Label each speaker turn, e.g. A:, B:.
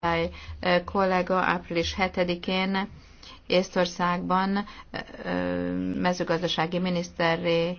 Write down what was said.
A: Király kollega április 7-én Észtországban mezőgazdasági miniszterré